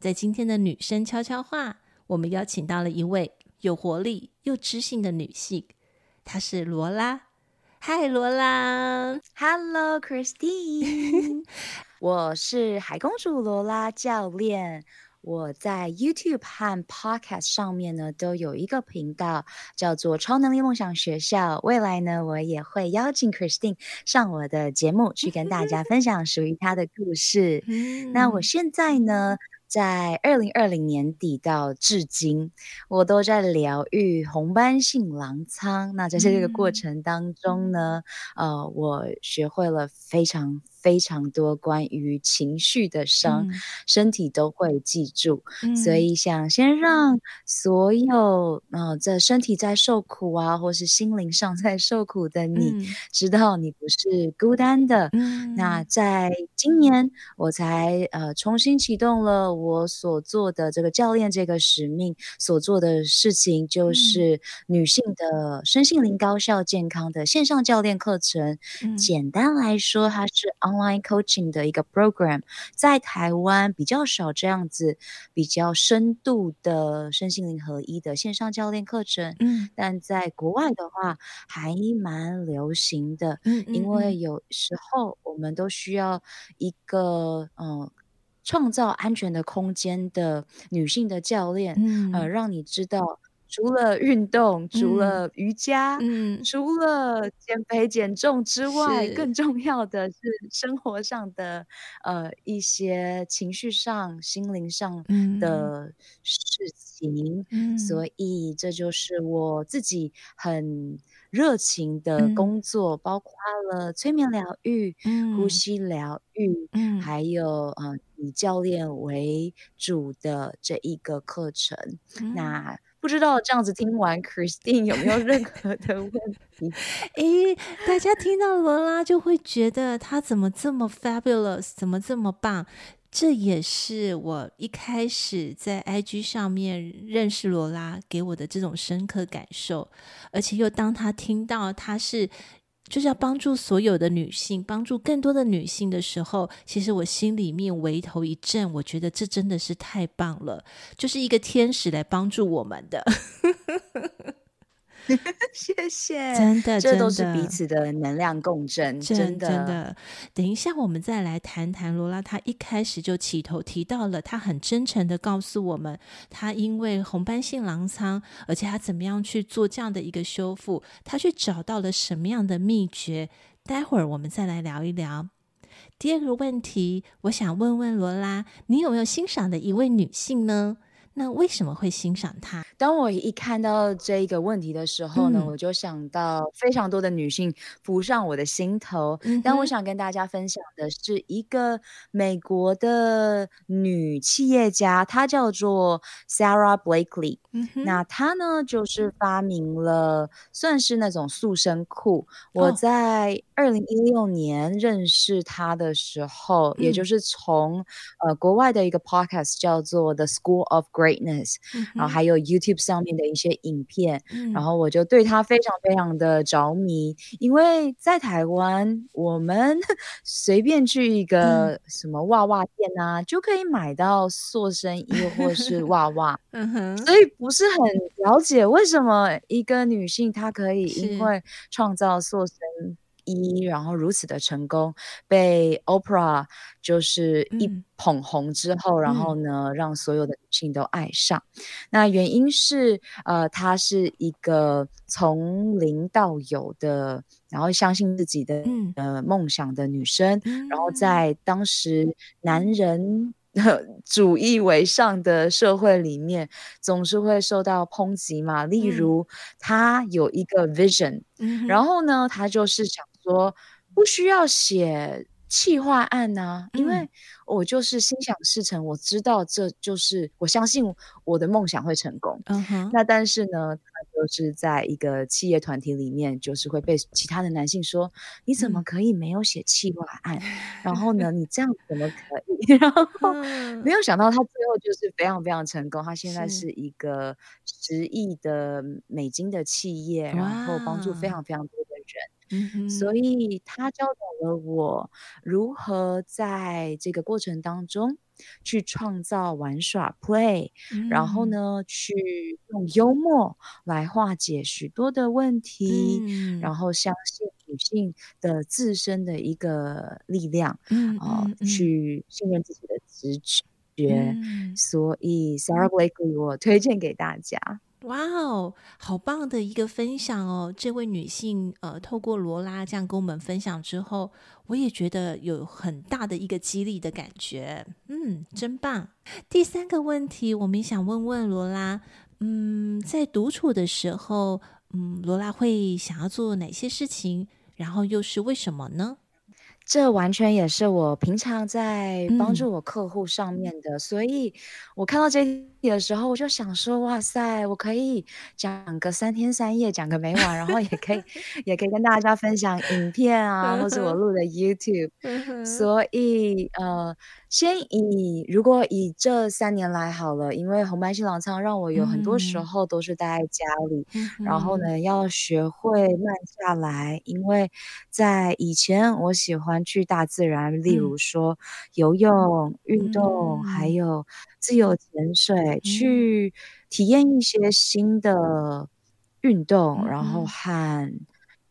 在今天的女生悄悄話，我們邀請到了一位有活力又知性的女性，她是羅拉。嗨，羅拉，Hello Christine， 我是海公主羅拉教練。我在 YouTube 和 Podcast 上面呢都有一個頻道，叫做“超能力夢想學校”。未來呢，我也會邀請 Christine 上我的節目，去跟大家分享屬於她的故事。 那我現在呢？在二零二零年底到至今，我都在療癒紅斑性狼瘡。那在這個過程當中呢，嗯、呃，我學會了非常非常多關於情緒的傷、嗯，身體都會記住、嗯，所以想先讓所有，呃，在身體在受苦啊，或是心靈上在受苦的你、嗯，知道你不是孤單的。嗯、那在今年，我才呃重新啟動了我所做的這個教練這個使命所做的事情，就是女性的身心靈高效健康的線上教練課程、嗯。簡單來說，它是。online coaching 的一個 program，在台灣比較少這樣子比較深度的身心靈合一的線上教練課程，嗯，但在國外的話還蠻流行的，嗯，嗯，嗯，因為有時候我們都需要一個嗯、呃，創造安全的空間的女性的教練，嗯、呃，讓你知道。除了運動，除了瑜伽，嗯，除了減肥減重之外，更重要的是生活上的，呃，一些情緒上、心靈上的事情。嗯，所以這就是我自己很熱情的工作，嗯，包括了催眠療癒、嗯，呼吸療癒、嗯，還有嗯、呃，以教練為主的這一個課程。嗯，那不知道這樣子聽完，Christine 有沒有任何的問題？ 誒、欸，大家聽到羅拉就會覺得她怎麼這麼 fabulous，怎麼這麼棒。這也是我一開始在 IG 上面認識羅拉給我的這種深刻感受，而且又當她聽到她是，就是要幫助所有的女性，幫助更多的女性的時候，其實我心裡面唯頭一震，我覺得這真的是太棒了，就是一個天使來幫助我們的。 謝謝，真的，這都是彼此的能量共振，真的。真的真的等一下，我們再來談談蘿菈。她一開始就起頭提到了，她很真誠地告訴我們，她因為紅斑性狼瘡，而且她怎麼樣去做這樣的一個修復，她去找到了什麼樣的秘訣。待會兒我們再來聊一聊。第二個問題，我想問問蘿菈，你有沒有欣賞的一位女性呢？那為什麼會欣賞她？當我一看到這一個問題的時候呢，嗯嗯，我就想到非常多的女性浮上我的心頭。嗯、但我想跟大家分享的是，一個美國的女企業家，她叫做 Sarah Blakely。嗯哼，那她呢，就是發明了算是那種塑身褲，哦。我在二零一六年認識她的時候，嗯、也就是從呃國外的一個 podcast 叫做 The School of Greatness。嗯、然後還有 YouTube 上面的一些影片，嗯，然後我就對他非常非常的着迷，嗯，因為在台灣，我們隨便去一個什麼娃娃店啊，嗯，就可以買到塑身衣或是娃娃， 所以不是很了解為什麼一個女性她可以因為創造塑身。一，然後如此的成功被 Oprah 就是一捧紅之後、嗯，然後呢，讓所有的女性都愛上、嗯。那原因是，呃，她是一個從零到有的，然後相信自己的、嗯呃、夢想的女生、嗯。然後在當時男人、嗯、主義為上的社會裡面，總是會受到抨擊嘛。例如，嗯、她有一個 vision，、嗯、然後呢，她就是想。說不需要寫企劃案呢、啊，因為我就是心想事成，我知道這就是我相信我的夢想會成功、嗯。那但是呢，他就是在一個企業團體裡面，就是會被其他的男性說：“嗯、你怎麼可以沒有寫企劃案、嗯？”然後呢，你這樣怎麼可以？ 然後沒有想到他最後就是非常非常成功，他現在是一個十億的美金的企業，然後幫助非常非常多的人。嗯，嗯，所以他教導了我如何在這個過程當中去創造玩耍 play，嗯嗯，然後呢，去用幽默來化解許多的問題嗯嗯，然後相信女性的自身的一個力量嗯，嗯，嗯、呃、嗯，嗯，去訓練自己的直覺。嗯嗯，所以 Sarah Buckley 我推薦給大家。哇哦，好棒的一個分享哦！這位女性呃，透過蘿菈這樣跟我們分享之後，我也覺得有很大的一個激勵的感覺。嗯，真棒。第三個問題，我們想問問蘿菈，嗯，在獨處的時候，嗯，蘿菈會想要做哪些事情？然後又是為什麼呢？這完全也是我平常在幫助我客戶上面的，嗯，所以我看到這。的時候我就想說，哇塞，我可以講個三天三夜，講個沒完，然後也可以， 也可以跟大家分享影片啊， 或者我錄的 YouTube。 所以呃，先以如果以這三年來好了，因為紅斑性狼瘡讓我有很多時候都是待在家裡，嗯，然後呢，要學會慢下來，因為在以前我喜歡去大自然，嗯、例如說游泳、運動，嗯、還有。自由潛水，嗯，去體驗一些新的運動，然後和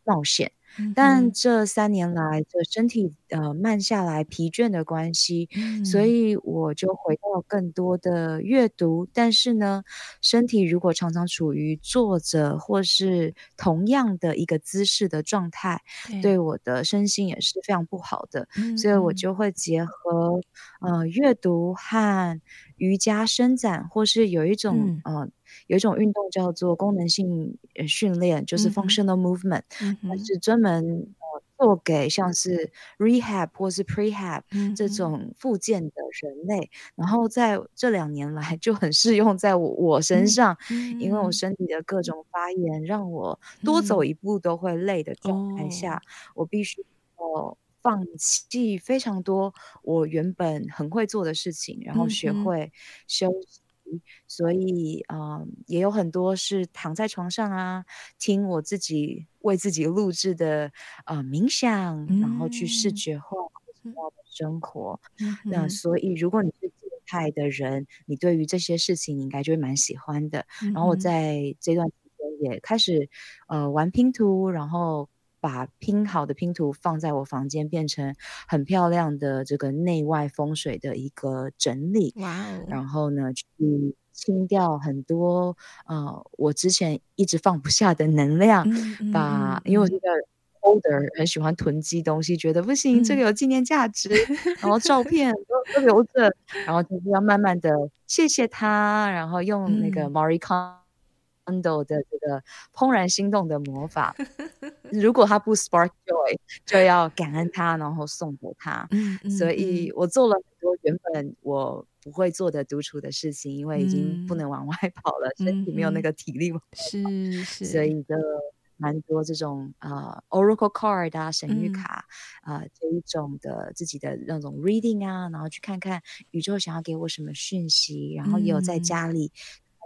冒險。嗯但這三年來的身體呃慢下來、疲倦的關係，所以我就回到更多的閱讀。但是呢，身體如果常常處於坐着或是同樣的一個姿勢的狀態，對我的身心也是非常不好的。所以我就會結合呃閱讀和瑜伽伸展，或是有一種、呃有一種運動叫做功能性訓練，嗯，就是 functional movement，它，嗯，是專門，嗯呃，做給像是 rehab 或是 prehab 這種復健的人類。嗯，然後在這兩年來就很適用在我，我身上，嗯嗯，因為我身體的各種發炎，讓我多走一步都會累的狀態下，嗯，我必須呃放棄非常多我原本很會做的事情，然後學會休息。嗯嗯所以、嗯、也有很多是躺在床上啊，聽我自己為自己錄製的、呃、冥想，然後去視覺化我的、嗯、生活、嗯嗯。那所以，如果你是靜態的人，你對於這些事情，你應該就會蠻喜歡的、嗯。然後我在這段時間也開始呃玩拼圖，然後。把拼好的拼圖放在我房間，變成很漂亮的這個內外風水的一個整理。哇哦！然後呢，去清掉很多呃我之前一直放不下的能量。嗯嗯、把，因為我這個 older 很喜歡囤積東西、嗯，覺得不行，這個有紀念價值，嗯、然後照片都 都留着，然後就是要慢慢的謝謝他，然後用那個 Marie Kondo、嗯的這個怦然心動的魔法， 如果他不 Spark Joy，就要感恩他，然後送給他。嗯、所以我做了很多原本我不會做的獨處的事情、嗯，因為已經不能往外跑了，嗯、身體沒有那個體力、嗯。是是，所以就蠻多這種啊、呃、Oracle Card 啊神諭卡啊、嗯呃、這一種的自己的那種 Reading 啊，然後去看看宇宙想要給我什麼訊息，然後也有在家裡。嗯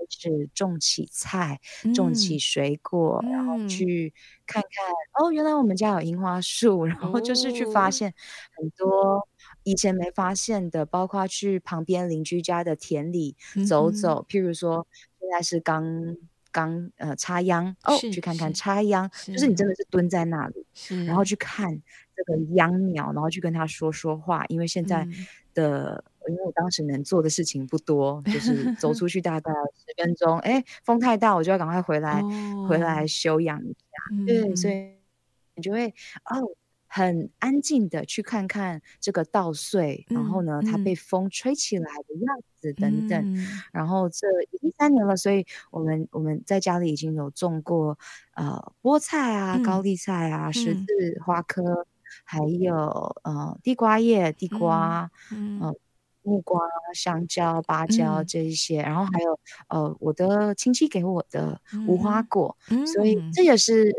就是種起菜，種起水果，嗯、然後去看看、嗯、哦，原來我們家有櫻花樹、哦，然後就是去發現很多以前沒發現的，嗯、包括去旁邊鄰居家的田裡、嗯、走走，譬如說現在是剛剛呃插秧哦，去看看插秧，就是你真的是蹲在那裡，然後去看這個秧苗，然後去跟他說說話，因為現在的。嗯因為我當時能做的事情不多，就是走出去大概十分鐘，哎、 欸，風太大，我就要趕快回來，哦、回來休養一下、嗯。對，所以你就會哦，很安靜的去看看這個稻穗，然後呢，它被風吹起來的樣子等等。嗯嗯、然後這已經三年了，所以我們我們在家裡已經有種過呃菠菜啊、高麗菜啊、嗯、十字花科，還有呃地瓜葉、地瓜，嗯。嗯呃木瓜、香蕉、芭蕉這一些、嗯，然後還有呃，我的親戚給我的無花果、嗯，所以這也是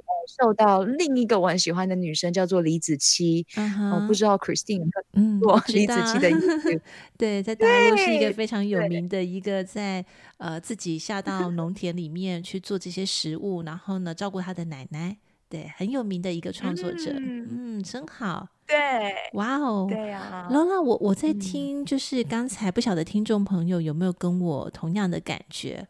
受到另一個我很喜歡的女生、嗯、叫做李子柒。我、嗯呃、不知道 Christine 有沒有做李子柒的意思。嗯、 對，在大陸是一個非常有名的一個，在呃自己下到農田裡面去做這些食物， 然後呢照顧她的奶奶。對，很有名的一個創作者，嗯，嗯，真好，對，哇、wow、哦，對啊，然後呢，我我在聽，就是剛才不曉得聽眾朋友有沒有跟我同樣的感覺，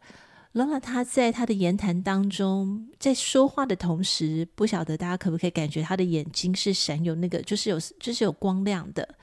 然後、嗯、呢，他在他的言談當中，在說話的同時，不曉得大家可不可以感覺他的眼睛是閃有那個，就是有就是有光亮的。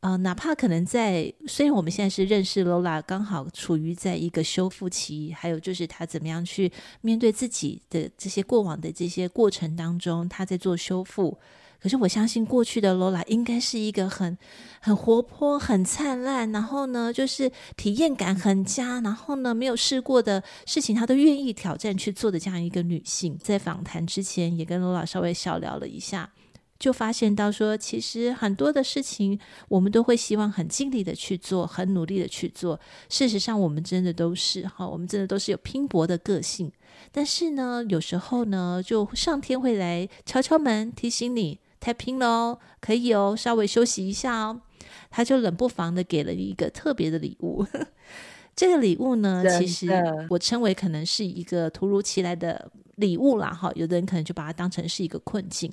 啊、呃，哪怕可能在，雖然我們現在是認識蘿菈，剛好處於在一個修復期，還有就是她怎麼樣去面對自己的這些過往的這些過程當中，她在做修復。可是我相信過去的蘿菈應該是一個很很活潑、很燦爛，然後呢，就是體驗感很佳，然後呢，沒有試過的事情她都願意挑戰去做的這樣一個女性。在訪談之前，也跟蘿菈稍微小聊了一下。就發現到說，其實很多的事情，我們都會希望很盡力的去做，很努力的去做。事實上，我們真的都是哈，我們真的都是有拼搏的個性。但是呢，有時候呢，就上天會來敲敲門，提醒你太拼了哦，可以哦，稍微休息一下哦。他就冷不防的給了你一個特別的禮物。 這個禮物呢，其實我稱為可能是一個突如其來的禮物啦哈。有的人可能就把它當成是一個困境。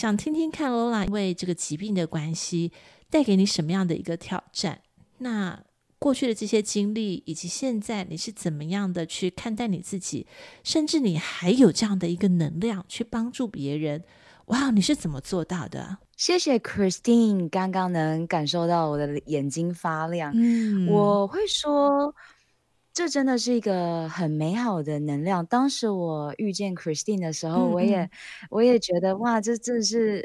想聽聽看，蘿菈因為這個疾病的關係帶給你什麼樣的一個挑戰？那過去的這些經歷，以及現在你是怎麼樣的去看待你自己？甚至你還有這樣的一個能量去幫助別人？哇，你是怎麼做到的？謝謝 Christine，剛剛能感受到我的眼睛發亮。嗯，我會說。這真的是一個很美好的能量。當時我遇見 Christine 的時候，嗯嗯，我也，我也覺得哇，這真是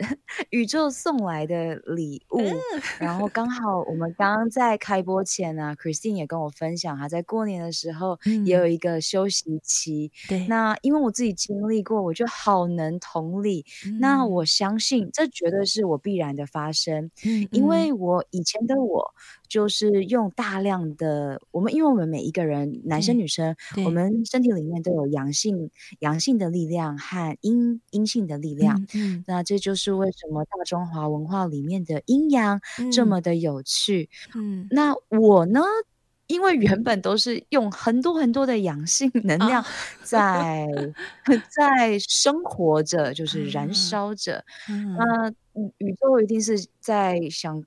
宇宙送來的禮物，嗯。然後剛好我們剛剛在開播前呢、啊、 ，Christine 也跟我分享，啊，她在過年的時候也有一個休息期。對、嗯嗯，那因為我自己經歷過，我就好能同理。嗯、那我相信，這絕對是我必然的發生，嗯嗯，因為我以前的我。就是用大量的我們，因為我們每一個人，嗯、男生女生，我們身體裡面都有陽性陽性的力量和陰陰性的力量嗯。嗯，那這就是為什麼大中華文化裡面的陰陽這麼的有趣。嗯，那我呢，因為原本都是用很多很多的陽性能量在、哦、 在生活着，就是燃燒着。嗯，那宇宇宙一定是在想。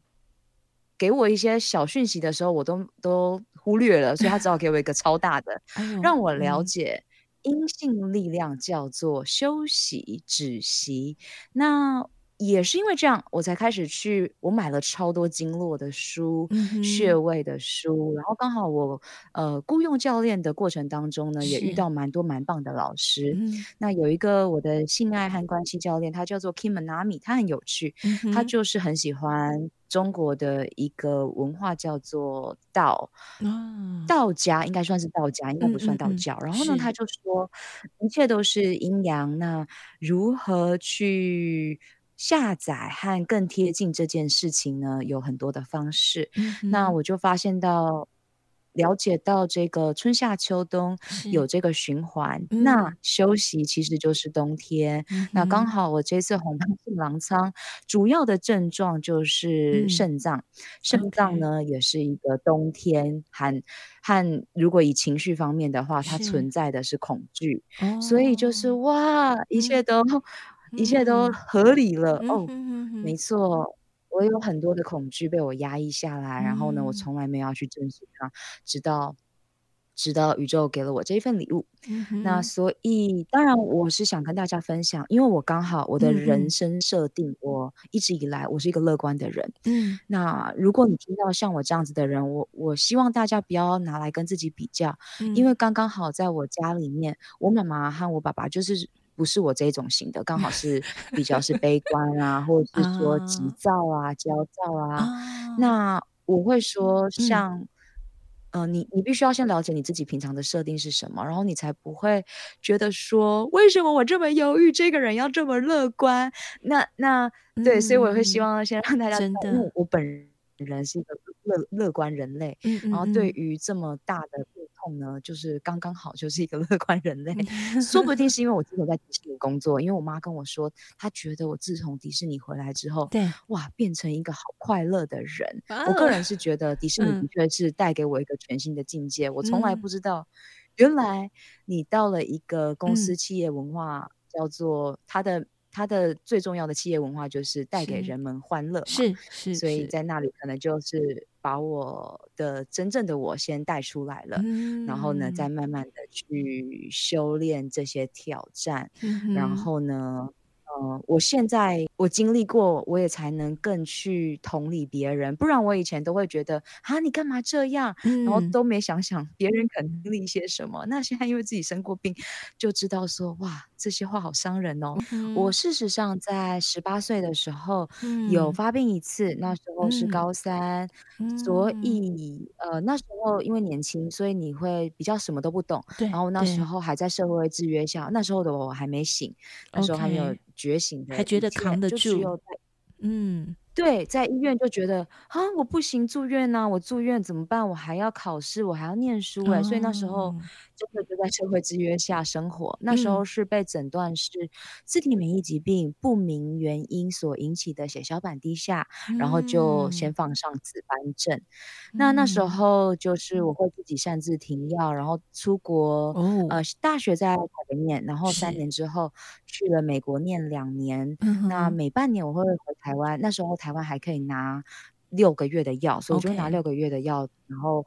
給我一些小訊息的時候，我都都忽略了，所以他只好給我一個超大的， 哎、讓我了解陰性力量叫做休息止息。那也是因為這樣，我才開始去，我買了超多經絡的書、嗯、穴位的書，然後剛好我呃僱傭教練的過程當中呢，也遇到蠻多蠻棒的老師、嗯。那有一個我的性愛和關係教練，他叫做 Kim Anami，他很有趣、嗯，他就是很喜歡。中國的一個文化叫做道，道家應該算是道家，應該不算道教。然後呢，他就說一切都是陰陽，那如何去下載和更貼近這件事情呢？有很多的方式。那我就發現到。了解到這個春夏秋冬有這個循環，嗯、那休息其實就是冬天。嗯、那剛好我這次紅斑性狼瘡主要的症狀就是腎臟，嗯、腎臟呢、okay、也是一個冬天寒寒。和和如果以情緒方面的話，它存在的是恐懼，哦、所以就是哇，一切都、嗯、一切都合理了、嗯、哼哼哼哦，沒錯。我有很多的恐懼被我壓抑下來、嗯，然後呢，我從來沒有要去正視它，直到直到宇宙給了我這一份禮物、嗯。那所以，當然我是想跟大家分享，因為我剛好我的人生設定我，我、嗯、一直以來我是一個樂觀的人。嗯，那如果你聽到像我這樣子的人，我我希望大家不要拿來跟自己比較、嗯，因為剛剛好在我家裡面，我媽媽和我爸爸就是。不是我這一種型的，剛好是比較是悲觀啊， 或者是說急躁啊、uh, 焦躁啊。Uh, 那我會說像，像、uh, 嗯，呃，你你必須要先了解你自己平常的設定是什麼，然後你才不會覺得說，為什麼我這麼憂鬱，這個人要這麼樂觀？那那、嗯、對，所以我也會希望先讓大家知道真的，因為我本人人是一個樂樂觀人類，嗯、然後對於這麼大的。呢，就是剛剛好就是一個樂觀人類， 說不定是因為我之前在迪士尼工作，因為我媽跟我說，她覺得我自從迪士尼回來之後，對哇，變成一個好快樂的人，哦。我個人是覺得迪士尼的確是帶給我一個全新的境界，嗯、我從來不知道，原來你到了一個公司企業文化、嗯、叫做他的。它的最重要的企業文化就是帶給人們歡樂嘛，是是，是，所以在那裡可能就是把我的真正的我先帶出來了，嗯，然後呢，再慢慢的去修煉這些挑戰，嗯，然後呢。嗯、呃，我現在我經歷過，我也才能更去同理別人，不然我以前都會覺得啊，你幹嘛這樣，嗯？然後都沒想想別人可能經歷些什麼？那現在因為自己生過病，就知道說哇，這些話好傷人哦。嗯、我事實上在十八歲的時候，嗯、有發病一次，那時候是高三，嗯嗯、所以呃那時候因為年輕，所以你會比較什麼都不懂。然後那時候還在社會制約下，那時候的我還沒醒，那時候還沒有。Okay. 覺醒的，還覺得扛得住，嗯，對，在醫院就覺得啊，我不行，住院呢？啊，我住院怎麼辦？我還要考試，我還要念書哎、欸嗯，所以那時候。真的就在社會制約下生活、嗯。那時候是被診斷是自體免疫疾病，不明原因所引起的血小板低下、嗯，然後就先放上紫斑症。那那時候就是我會自己擅自停藥，嗯、然後出國、嗯，呃，大學在台北念、嗯，然後三年之後去了美國念兩年。那每半年我會回台灣、嗯，那時候台灣還可以拿六個月的藥，okay. 所以我就拿六個月的藥，然後。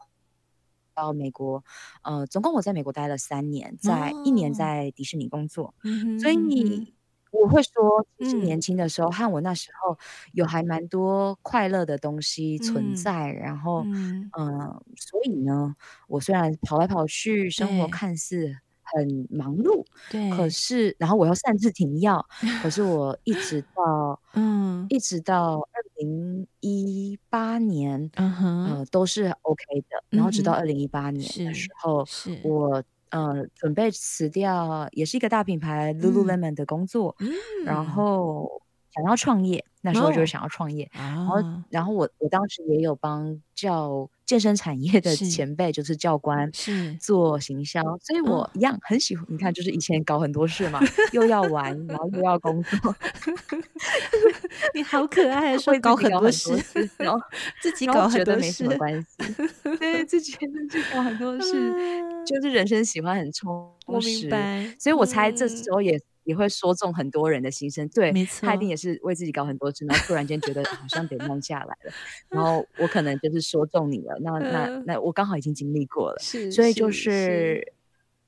到美國，呃，總共我在美國待了三年，在、oh. 一年在迪士尼工作，mm -hmm. 所以你我會說，其實年輕的時候和我那時候有還蠻多快樂的東西存在，mm -hmm. 然後，嗯、mm -hmm. 呃，所以呢，我雖然跑來跑去，生活看似。很忙碌，對。可是，然後我要擅自停藥， 可是我一直到嗯，一直到二零一八年，嗯哼、呃、都是 OK 的。嗯、然後直到二零一八年的時候，是，是我、呃、準備辭掉，也是一個大品牌、嗯、Lululemon 的工作，嗯，然後。想要創業，那時候就是想要創業。Oh. Oh. 然後，然後我我當時也有幫教健身產業的前輩，就是教官是做行銷，所以我一樣很喜歡。嗯、你看，就是以前搞很多事嘛， 又要玩，然後又要工作。 你好可愛， 說搞很多事然後自己搞很多事覺得沒什麼關係， 對，自己能去搞很多事、 嗯，就是人生喜歡很充實。我明白。嗯、所以我猜這時候也。也會說中很多人的心聲，對，沒錯，他一定也是為自己搞很多事，然後突然間覺得好像得弄下來了。 然後我可能就是說中你了， 那那那，那我剛好已經經歷過了，是是是，所以就是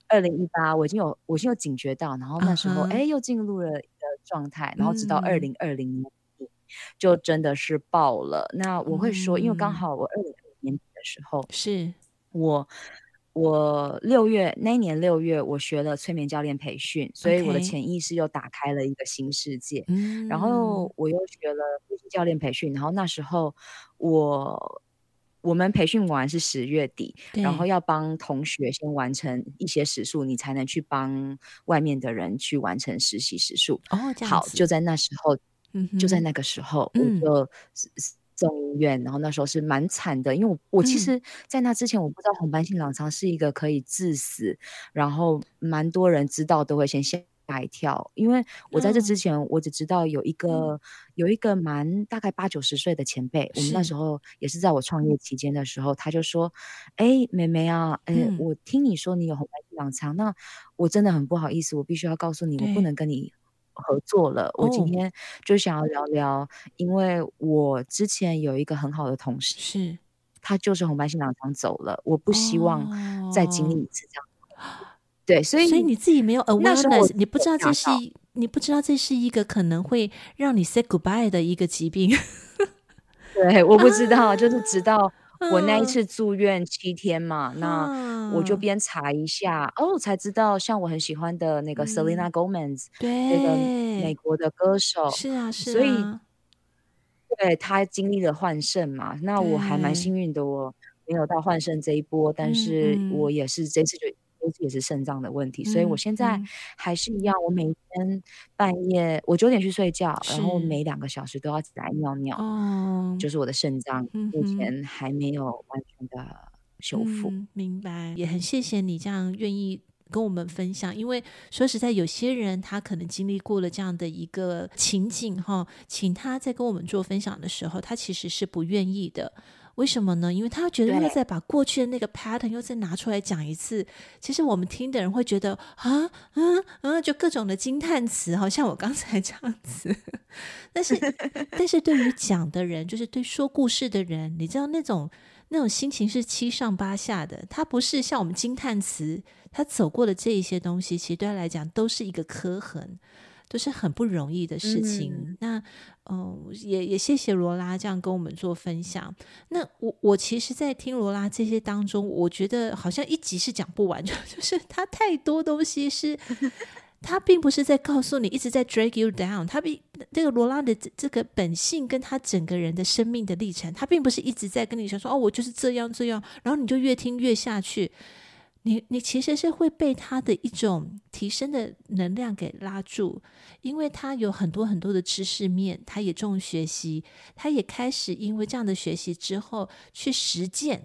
二零一八，我已經有，我已經有警覺到，然後那時候哎、uh -huh. 欸、又進入了一個狀態，然後直到二零二零年就真的是爆了。嗯、那我會說，因為剛好我二零二零年的時候是我。我六月那年六月，6月我學了催眠教練培訓，Okay. 所以我的潛意識又打開了一個新世界，嗯。然後我又學了教練培訓，然後那時候我我們培訓完是十月底，然後要幫同學先完成一些時數，你才能去幫外面的人去完成實習時數。哦，這樣子。好，就在那時候，嗯，就在那個時候，嗯，我就。中醫，然後那時候是蠻慘的，因為我我其實，在那之前我不知道紅斑性狼瘡是一個可以致死，嗯、然後蠻多人知道都會先嚇一跳，因為我在這之前我只知道有一個、嗯、有一個蠻大概八九十歲的前輩，我們那時候也是在我創業期間的時候，嗯、他就說，哎，妹妹啊，哎、嗯，我聽你說你有紅斑性狼瘡，那我真的很不好意思，我必須要告訴你，嗯、我不能跟你、嗯。合作了，我今天就想要聊聊，oh. 因為我之前有一個很好的同事，是，他就是紅斑性狼瘡走了，我不希望再經歷一次這樣。Oh. 對，所以所以你自己沒有，呃，時我你不知道這是，你不知道這是一個可能會讓你 say goodbye 的一個疾病。 對，我不知道，ah. 就是直到。我那一次住院七天嘛，啊、那我就邊查一下、啊，哦，才知道像我很喜歡的那個 Selena Gomez，對、嗯那個美國的歌手，是啊，是，所以，啊、對，他經歷了換腎嘛，那我還蠻幸運的，我沒有到換腎這一波，但是我也是這次就。也是腎臟的問題、嗯，所以我現在還是一樣。嗯、我每天半夜我九點去睡覺，然後每兩個小時都要起來尿尿，哦，就是我的腎臟目前還沒有完全的修復、嗯嗯。明白，也很謝謝你這樣願意跟我們分享，因為說實在，有些人他可能經歷過了這樣的一個情景哈，請他在跟我們做分享的時候，他其實是不願意的。為什麼呢？因為他覺得又在把過去的那個 pattern 又再拿出來講一次。其實我們聽的人會覺得啊，嗯、啊、嗯、啊，就各種的驚嘆詞，好像我剛才這樣子。但是， 但是對於講的人，就是對說故事的人，你知道那種那種心情是七上八下的。他不是像我們驚嘆詞，他走過的這一些東西，其實對他來講都是一個刻痕。都是很不容易的事情。嗯嗯，那，嗯、呃，也也謝謝羅拉這樣跟我們做分享。那我我其實，在聽羅拉這些當中，我覺得好像一集是講不完，就是他太多東西是， 他並不是在告訴你一直在 drag you down。他比這、那個羅拉的這個本性跟他整個人的生命的歷程，他並不是一直在跟你說說哦，我就是這樣這樣，然後你就越聽越下去。你你其實是會被他的一種提升的能量給拉住，因為他有很多很多的知識面，他也重學習，他也開始因為這樣的學習之後去實踐，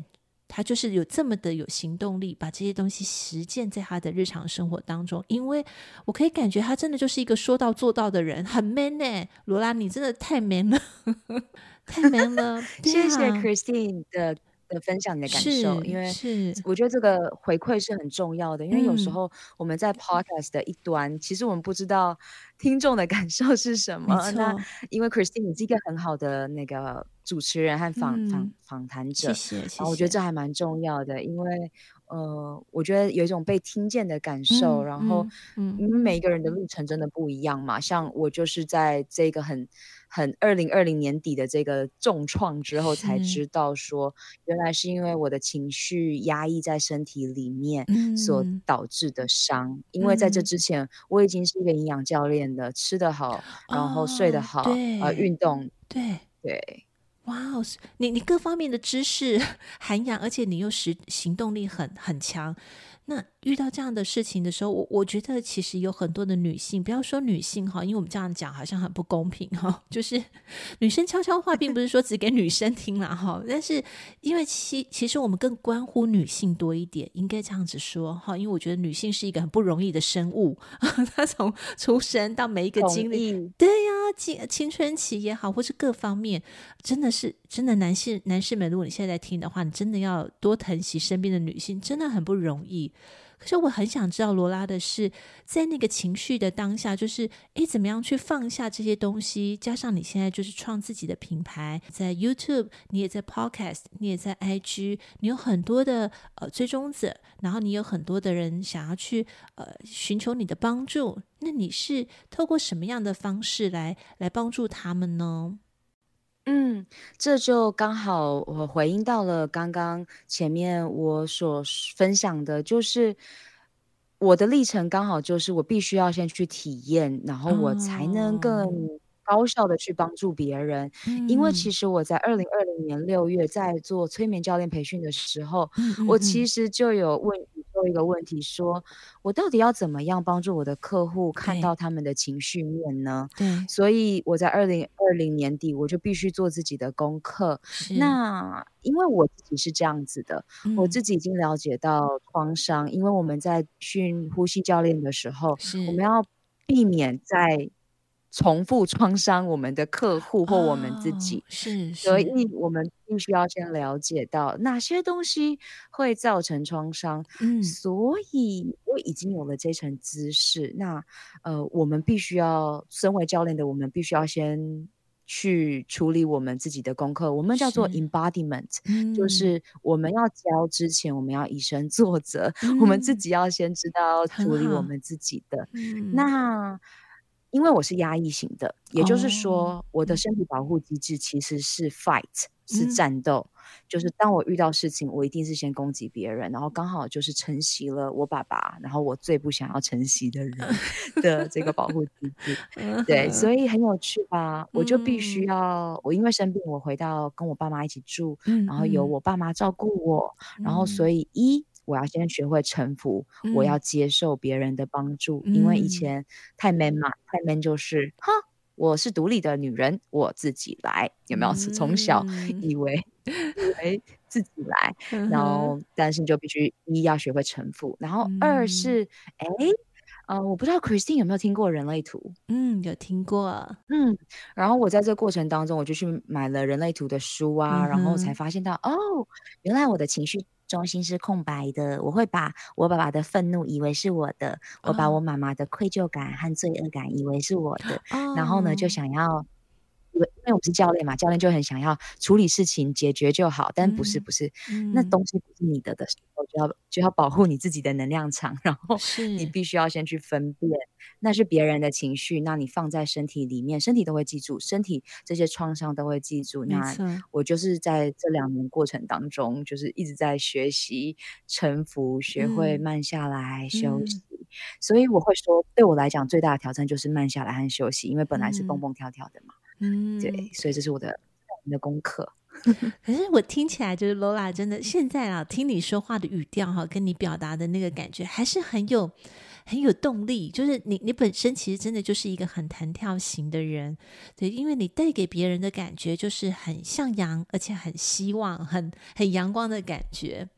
他就是有這麼的有行動力，把這些東西實踐在他的日常生活當中。因為我可以感覺他真的就是一個說到做到的人，很 man 呢、欸，羅拉，你真的太 man 了， 太 man 了、 啊，謝謝 Christine 的。的分享你的感受，因為是我覺得這個回饋是很重要的，因為有時候我們在 podcast 的一端、嗯，其實我們不知道聽眾的感受是什麼。那因為 Christine 你是一個很好的那個主持人和訪、嗯、訪訪、訪談者，謝謝。然後我覺得這還蠻重要的，因為呃，我覺得有一種被聽見的感受。嗯、然後，嗯，每一個人的路程真的不一樣嘛，嗯、像我就是在這個很。很二零二零年底的這個重創之後，才知道說原來是因為我的情緒壓抑在身體裡面所導致的傷、嗯。因為在這之前，我已經是一個營養教練了、嗯，吃得好，然後睡得好，啊、哦，運、呃、動，對對，哇、wow，你你各方面的知識涵養，而且你又實行動力很很強。那遇到這樣的事情的時候，我我覺得其實有很多的女性，不要說女性哈，因為我們這樣講好像很不公平哈。就是女聲悄悄話，並不是說只給女生聽啦，哈。 但是因為其其實我們更關乎女性多一點，應該這樣子說哈。因為我覺得女性是一個很不容易的生物，她從出生到每一個經歷，對呀、啊，青青春期也好，或是各方面，真的是真的男。男性男士們，如果你現在在聽的話，你真的要多疼惜身邊的女性，真的很不容易。可是我很想知道羅拉的是，在那個情緒的當下，就是欸，怎麼樣去放下這些東西？加上你現在就是創自己的品牌，在 YouTube，你也在 Podcast，你也在 IG，你有很多的呃追蹤者，然後你有很多的人想要去呃尋求你的幫助，那你是透過什麼樣的方式來來幫助他們呢？嗯，這就剛好我回應到了剛剛前面我所分享的，就是我的歷程剛好就是我必須要先去體驗，然後我才能更高效的去幫助別人。嗯。因為其實我在二零二零年六月在做催眠教練培訓的時候，嗯嗯。我其實就有問。問一個問題說：說我到底要怎麼樣幫助我的客戶看到他們的情緒面呢？對，對，所以我在二零二零年底，我就必須做自己的功課。那因為我自己是這樣子的，嗯，我自己已經了解到創傷，因為我們在訓呼吸教練的時候，我們要避免在。重複創傷我們的客戶或我們自己、Oh, 是，是，所以我們必須要先了解到哪些東西會造成創傷，嗯。所以我已經有了這層知識。那呃，我們必須要身為教練的，我們必須要先去處理我們自己的功課。我們叫做 embodiment，是、嗯、就是我們要教之前，我們要以身作則，嗯，我們自己要先知道處理我們自己的。嗯、那。因為我是壓抑型的，也就是說，Oh. 我的身體保護機制其實是 fight、嗯、是戰鬥，就是當我遇到事情，我一定是先攻擊別人、嗯，然後剛好就是承襲了我爸爸，然後我最不想要承襲的人的這個保護機制。 對， 對，所以很有趣吧、嗯？我就必須要，我因為生病，我回到跟我爸媽一起住，嗯嗯然後由我爸媽照顧我，嗯、然後所以一。我要先學會臣服，嗯、我要接受別人的幫助、嗯，因為以前太 man 嘛，太 man 就是哈，我是獨立的女人，我自己來，有沒有？從、嗯、小以為誒、嗯、自己來，呵呵然後但是就必須一要學會臣服，然後二是誒、嗯欸，呃，我不知道 Christine 有沒有聽過《人類圖》，嗯，有聽過，嗯，然後我在這個過程當中，我就去買了《人類圖》的書啊，嗯、然後我才發現到哦，原來我的情緒。中心是空白的，我會把我爸爸的憤怒以為是我的，oh. 我把我媽媽的愧疚感和罪惡感以為是我的，oh. 然後呢就想要。因為我是教練嘛，教練就很想要處理事情，解決就好。但不是，不是、嗯，那東西不是你的的時候，嗯、就要就要保護你自己的能量場。然後你必須要先去分辨，那是別人的情緒，那你放在身體裡面，身體都會記住，身體這些創傷都會記住。那我就是在這兩年過程當中，就是一直在學習臣服，學會慢下來、嗯、休息、嗯。所以我會說，對我來講最大的挑戰就是慢下來和休息，因為本來是蹦蹦跳跳的嘛。嗯嗯，對，所以這是我的你的功課。可是我聽起來就是羅拉真的現在啊，聽你說話的語調哈、啊，跟你表達的那個感覺，還是很有很有動力。就是你，你本身其實真的就是一個很彈跳型的人，對，因為你帶給別人的感覺就是很向陽，而且很希望，很很陽光的感覺。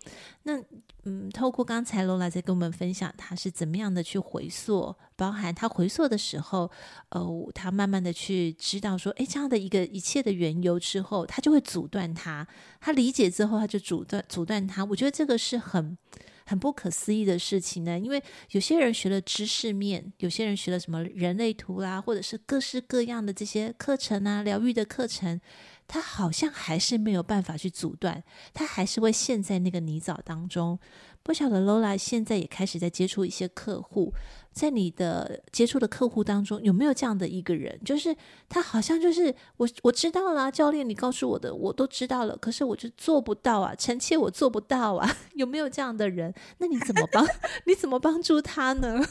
那。嗯，透過剛才羅 o 在跟我們分享，他是怎麼樣的去回溯，包含他回溯的時候，呃，他慢慢的去知道說，哎，這樣的一個一切的緣由之後，他就會阻斷他，他理解之後，他就阻斷阻斷他。我覺得這個是很很不可思議的事情呢，因為有些人學了知識面，有些人學了什麼人類圖啦、啊，或者是各式各樣的這些課程啊，療癒的課程。他好像還是沒有辦法去阻斷，他還是會陷在那個泥沼當中。不曉得羅拉現在也開始在接觸一些客戶，在你的接觸的客戶當中有沒有這樣的一個人？就是他好像就是我，我知道了、啊，教練，你告訴我的，我都知道了。可是我就做不到啊，臣妾我做不到啊。有沒有這樣的人？那你怎麼幫？ 你怎麼幫助他呢？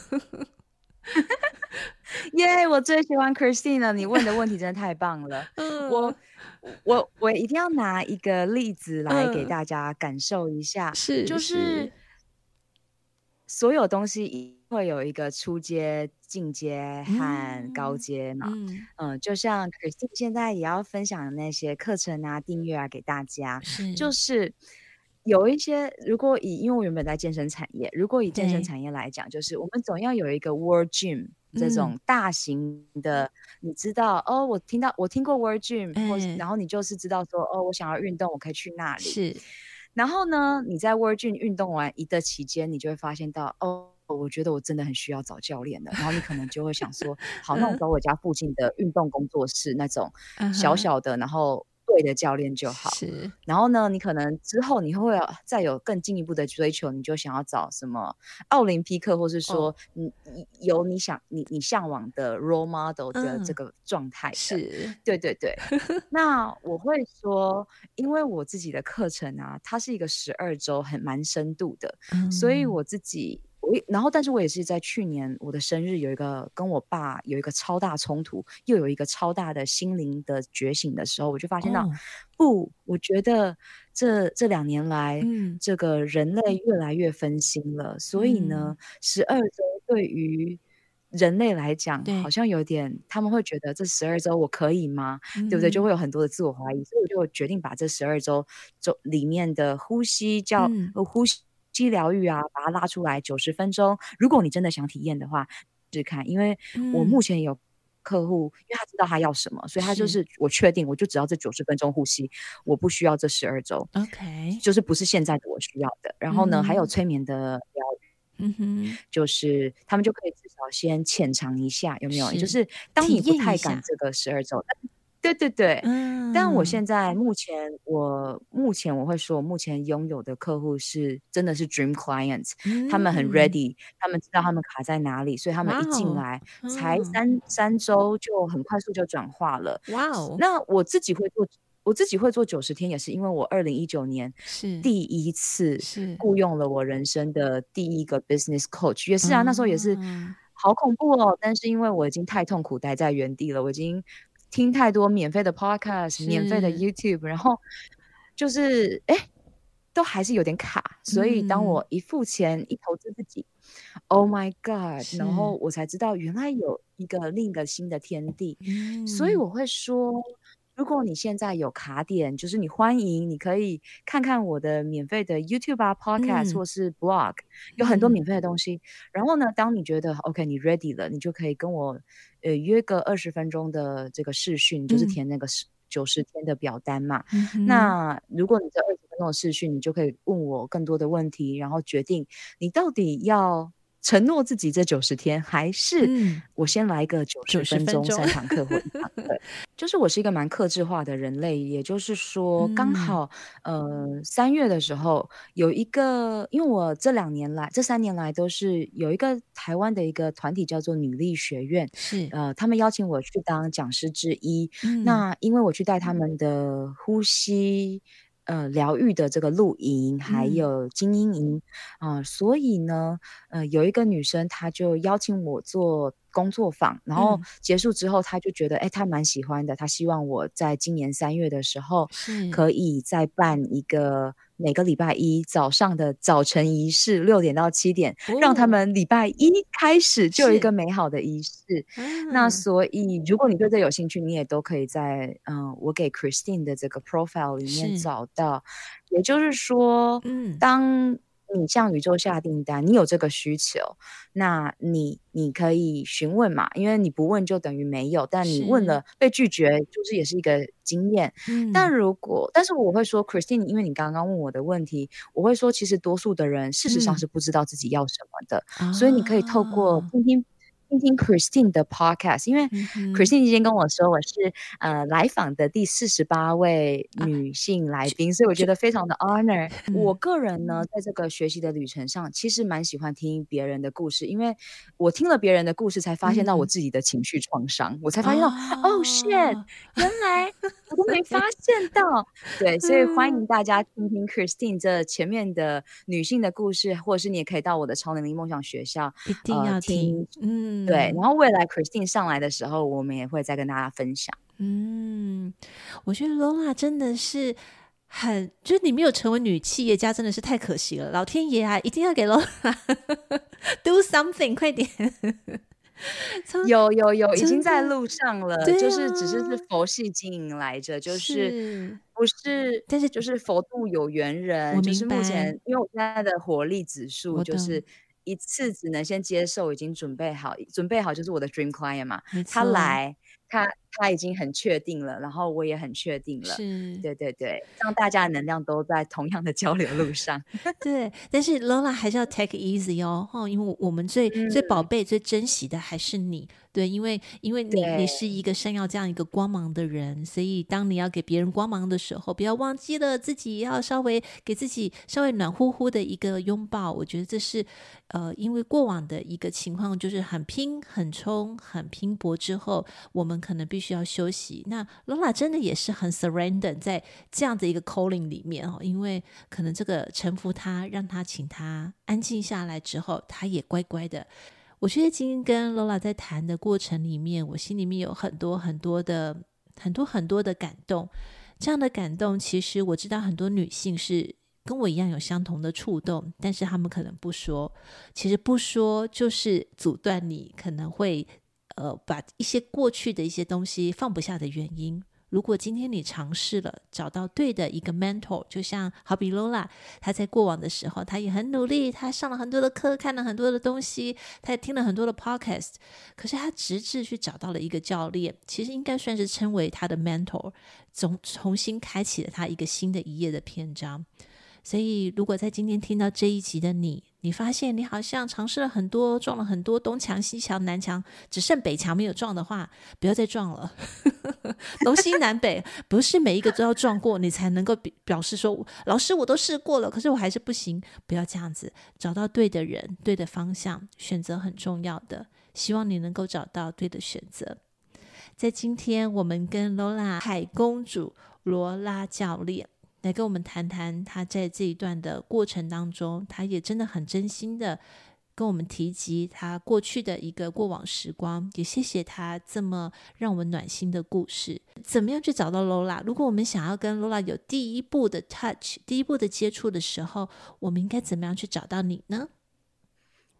耶、 yeah,，我最喜歡 Christine，你問的問題真的太棒了， 嗯、我。 我我一定要拿一個例子來給大家感受一下，呃，就是就是所有東西會有一個初階、進階和高階嘛？嗯，嗯，嗯，就像 Christine 現在也要分享那些課程啊、訂閱啊給大家，是就是。有一些，如果以，因為我原本在健身產業，如果以健身產業來講，就是我們總要有一個 World Gym，嗯、這種大型的，你知道，哦，我聽到我聽過 World Gym，嗯、或然後你就是知道說，哦，我想要運動，我可以去那裡。是，然後呢，你在 World Gym 運動完一段的期間，你就會發現到，哦，我覺得我真的很需要找教練的。 然後你可能就會想說，好，那我找我家附近的運動工作室，嗯、那種小小的，uh -huh、然後。對的教練就好。是，然後呢，你可能之後你會再有更進一步的追求，你就想要找什麼奧林匹克，或是說你、哦、有你想你你嚮往的 role model 的這個狀態。是、嗯、對對對。 那我會說，因為我自己的課程啊，它是一個十二周很蠻深度的、嗯，所以我自己。我然後，但是我也是在去年我的生日有一個跟我爸有一個超大衝突，又有一個超大的心靈的覺醒的時候，我就發現到，嗯、不，我覺得這這兩年來、嗯，這個人類越來越分心了。嗯、所以呢，十二周對於人類來講，嗯、好像有點他們會覺得這十二周我可以嗎？對？對不對？就會有很多的自我懷疑。嗯、所以，我就決定把這十二周周裡面的呼吸叫、嗯呃、呼吸。息療癒啊，把它拉出來九十分鐘。如果你真的想體驗的話，試試看，因為我目前有客戶、嗯，因為他知道他要什麼，所以他就是我確定，我就只要這九十分鐘呼吸，我不需要這十二周。OK，就是不是現在的我需要的。然後呢，嗯、還有催眠的療癒，嗯哼，就是他們就可以至少先淺嘗一下，有沒有？就是當你不太敢這個十二周。對對對，嗯，但我現在目前我目前我會說，目前擁有的客戶是真的是 dream clients，、嗯、他們很 ready，、嗯、他們知道他們卡在哪裡，所以他們一進來才三、嗯、三周就很快速就轉化了。哇哦！那我自己會做，我自己會做九十天也是因為我二零一九年是第一次是僱傭了我人生的第一個 business coach。也是啊、嗯，那時候也是好恐怖哦、嗯，但是因為我已經太痛苦待在原地了，我已經。聽太多免費的 Podcast、免費的 YouTube，然後就是哎，都還是有點卡。嗯、所以當我一付錢、一投資自己、嗯，Oh my God！然後我才知道原來有一個另一個新的天地、嗯。所以我會說，如果你現在有卡點，就是你歡迎你可以看看我的免費的 YouTube 啊 Podcast、嗯、或是 Blog，有很多免費的東西。嗯、然後呢，當你覺得 OK，你 Ready 了，你就可以跟我。呃，約個二十分鐘的這個視訊，嗯，就是填那個九十天的表單嘛。嗯，那如果你這二十分鐘的視訊，你就可以問我更多的問題，然後決定你到底要。承諾自己這九十天，還是我先來個九十分鐘三堂課，嗯。對， 就是我是一個蠻客製化的人類，也就是說，剛好、嗯、呃三月的時候有一個，因為我這兩年來這三年來都是有一個台灣的一個團體叫做女力學院，是呃他們邀請我去當講師之一，嗯。那因為我去帶他們的呼吸。呃，療癒的這個露營，還有精英營，啊、嗯呃，所以呢，呃，有一個女生，她就邀請我做工作坊，然後結束之後，她就覺得，哎、嗯欸，她蠻喜歡的，她希望我在今年三月的時候，可以再辦一個。每個禮拜一早上的早晨儀式，六點到七點，嗯，讓他們禮拜一開始就有一個美好的儀式。那所以，如果你對這有興趣，你也都可以在嗯，嗯，我給 Christine 的這個 profile 裡面找到。也就是說，嗯，當。你向宇宙下訂單，你有這個需求，那你你可以詢問嘛，因為你不問就等於沒有，但你問了被拒絕，就是也是一個經驗。嗯。但如果，但是我會說，Christine，因為你剛剛問我的問題，我會說，其實多數的人事實上是不知道自己要什麼的，嗯。所以你可以透過聽。聽聽 Christine 的 Podcast，因為 Christine 今天跟我說我是、嗯、呃來訪的第四十八位女性來賓、啊，所以我覺得非常的 honor、嗯。我個人呢，在這個學習的旅程上，其實蠻喜歡聽別人的故事，因為我聽了別人的故事，才發現到我自己的情緒創傷，嗯、我才發現到哦、oh oh、shit，原來我都沒發現到。 對，所以歡迎大家聽聽 Christine 這前面的女性的故事，或者是你也可以到我的超能力夢想學校一定要聽，呃、聽嗯。對，然後未來 Christine 上來的時候，我們也會再跟大家分享。嗯，我覺得 Lola 真的是很，就是你沒有成為女企業家真的是太可惜了。老天爺啊，一定要給 Lola do something，快 點！有有有，已經在路上了，就是只是是佛系經營來着，就是不是，但是就是佛度有緣人。我、就是、目前因為我現在的火力指數就是。一次只能先接受已經準備好，準備好就是我的 dream client 嘛，他來，他。他已經很確定了，然後我也很確定了，是，對對對，讓大家的能量都在同樣的交流路上。 對，但是 Lola 還是要 take easy 哦，因為我們最、嗯、最寶貝、最珍惜的還是你，對，因為因為你你是一個閃耀這樣一個光芒的人，所以當你要給別人光芒的時候，不要忘記了自己要稍微給自己稍微暖乎乎的一個擁抱。我覺得這是，呃，因為過往的一個情況就是很拼、很衝、很拼搏之後，我們可能比。必須要休息。那蘿菈真的也是很 surrender 在這樣的一個 calling 裡面哦，因為可能這個臣服他，讓他請他安靜下來之後，他也乖乖的。我覺得今天跟蘿菈在談的過程裡面，我心裡面有很多很多的、很多很多的感動。這樣的感動，其實我知道很多女性是跟我一樣有相同的觸動，但是她們可能不說。其實不說就是阻斷你可能會。呃，把一些過去的一些東西放不下的原因，如果今天你嘗試了，找到對的一個 mentor，就像好比 Lola，她在過往的時候，她也很努力，她上了很多的課，看了很多的東西，她也聽了很多的 podcast，可是她直至去找到了一個教練，其實應該算是稱為她的 mentor，重重新開啟了她一個新的一頁的篇章。所以，如果在今天聽到這一集的你，你發現你好像嘗試了很多，撞了很多東牆、西牆、南牆，只剩北牆沒有撞的話，不要再撞了。 東西南北 不是每一個都要撞過，你才能夠表表示說，老師我都試過了，可是我還是不行。不要這樣子，找到對的人、對的方向，選擇很重要的。希望你能夠找到對的選擇。在今天我們跟蘿菈，海公主蘿菈教練。來跟我們談談，他在這一段的過程當中，他也真的很真心的跟我們提及他過去的一個過往時光。也謝謝他這麼讓我們暖心的故事。怎麼樣去找到蘿菈，如果我們想要跟蘿菈有第一步的 touch，第一步的接觸的時候，我們應該怎麼樣去找到你呢？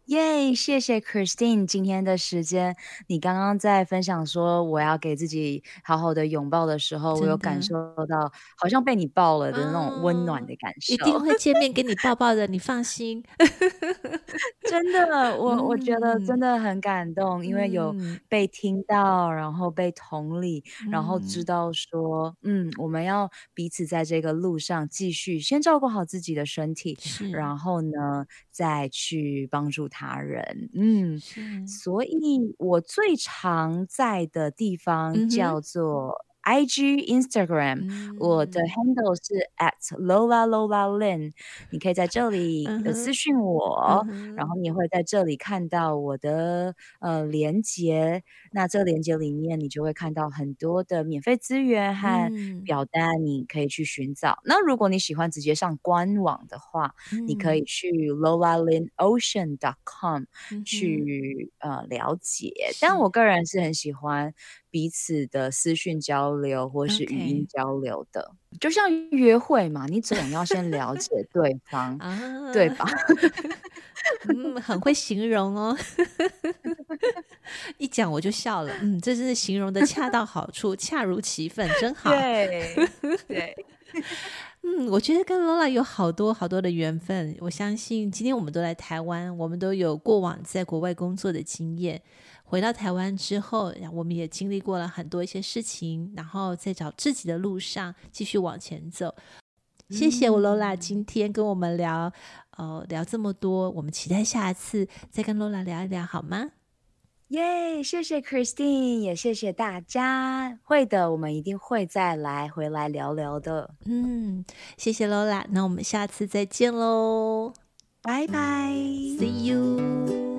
耶！謝謝 Christine，今天的時間，你剛剛在分享說我要給自己好好的擁抱的時候，我有感受到好像被你抱了的那種溫暖的感受。Oh, 一定會見面給你抱抱的， 你放心。 真的，我我覺得真的很感動，嗯，因為有被聽到，然後被同理，嗯，然後知道說，嗯，我們要彼此在這個路上繼續，先照顧好自己的身體，然後呢，再去幫助他人。嗯，所以，我最常在的地方叫做，嗯。I G Instagram，、嗯、我的 handle 是 at Lola Lola Lin，、嗯、你可以在這裡私訊我、嗯，然後你也會在這裡看到我的呃連接。那這個連接裡面，你就會看到很多的免費資源和表單，你可以去尋找、嗯。那如果你喜歡直接上官網的話，嗯、你可以去 Lola Lin Ocean dot com 去呃了解、嗯。但我個人是很喜歡彼此的私訊交流。或是語音交流的、okay，就像約會嘛，你總要先了解對方， 啊、對吧？嗯，很會形容哦， 一講我就笑了。嗯，這真是形容的恰到好處， 恰如其分，真好 對。對，嗯，我覺得跟羅拉有好多好多的緣分。我相信今天我們都來台灣，我們都有過往在國外工作的經驗。回到台灣之後，後我們也經歷過了很多一些事情，然後在找自己的路上繼續往前走。嗯、謝謝我蘿菈，今天跟我們聊，呃，聊這麼多，我們期待下次再跟蘿菈聊一聊，好嗎？耶、yeah，謝謝 Christine，也謝謝大家。會的，我們一定會再來回來聊聊的。嗯，謝謝蘿菈。那我們下次再見嘍，拜拜，See you。